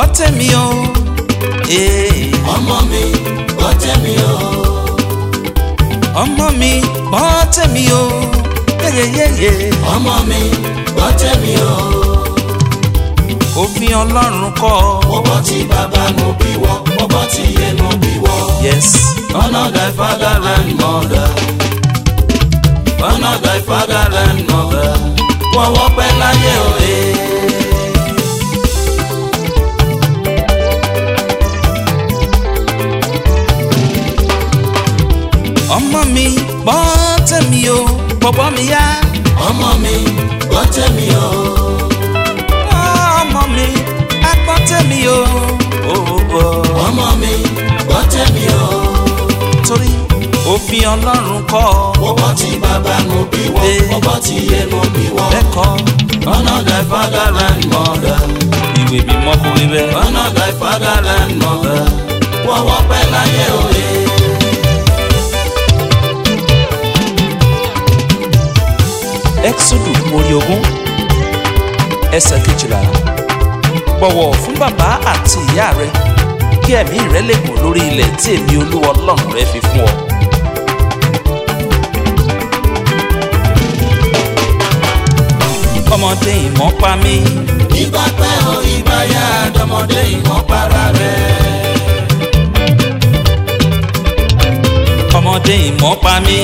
bọ́ tèmi eh. o. ọmọ mi bọ́ tèmi o. ọmọ mi bọ́ tèmi o. ọmọ mi bọ́ tèmi o. òfin ọlọ́run kọ́. mo bọ́ tí bàbá mo bí wọ́ mo bọ́ tí iye mo bí wọ́. yes. honour thy father and mother. honour thy father and mother. wọ́n wọ́pẹ́ láyé òye. ọmọ mi gbọ́ tèmi o bọ̀bọ̀ mi yá. ọmọ mi gbọ́ tèmi o. ọmọ mi á gbọ́ tèmi o. ọmọ mi gbọ́ tèmi o. torí òfin ọlọ́run kọ́. ọwọ́ tí bàbá mo bí wọ́n eh. ọwọ́ tí iye mo bí wọ́n. bẹ́ẹ̀kọ́. honour thy father and mother. ìwé mímọ́ kò rí bẹ́ẹ̀. honour thy father and mother. wọ́wọ́ pẹ́ láyé o. exodus orí ogún ẹsẹ̀ kejìlá bọ̀wọ̀ fún bàbá àti ìyá rẹ kí ẹ̀mí rẹ lè gùn lórí ilẹ̀ tí èmi olúwa ọlọ́run rẹ fi fún ọ. ọmọdé ìmọ̀ pa mí. ìgbà pẹ́ o ìgbà yá àdọ́mọdé ìmọ̀ para rẹ̀. tọmọdé ìmọ̀pá mi.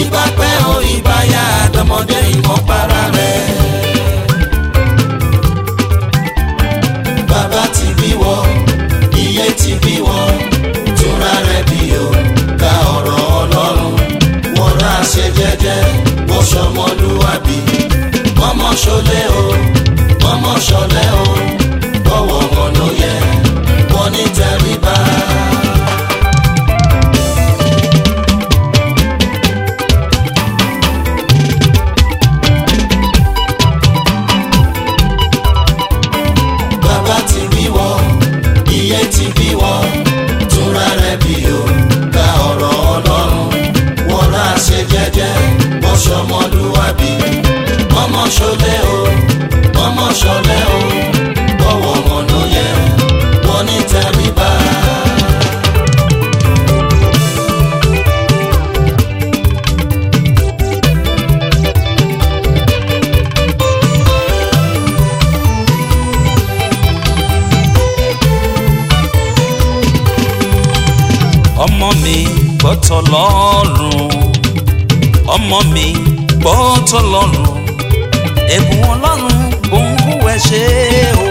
ìbá pẹ́ o ìbá yá tọmọdé para rárẹ̀. bàbá ti bí wọ iye ti bí wọ túnra rẹ̀ bí o ka ọ̀rọ̀ ọlọ́run wọ́nra ṣe jẹ́jẹ́ wọ́n ṣọmọlúwàbí mọ́mọ́ ṣọlẹ́ o mọ́mọ́ ṣọlẹ́ o. ṣọlẹ́ o bọ̀wọ̀ wọn ló o wọ́n ní tẹríba. ọmọ mi gbọ́tọ̀ lọ́rùn ọmọ mi ẹ̀bùn ọlọ́run mexeu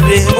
baby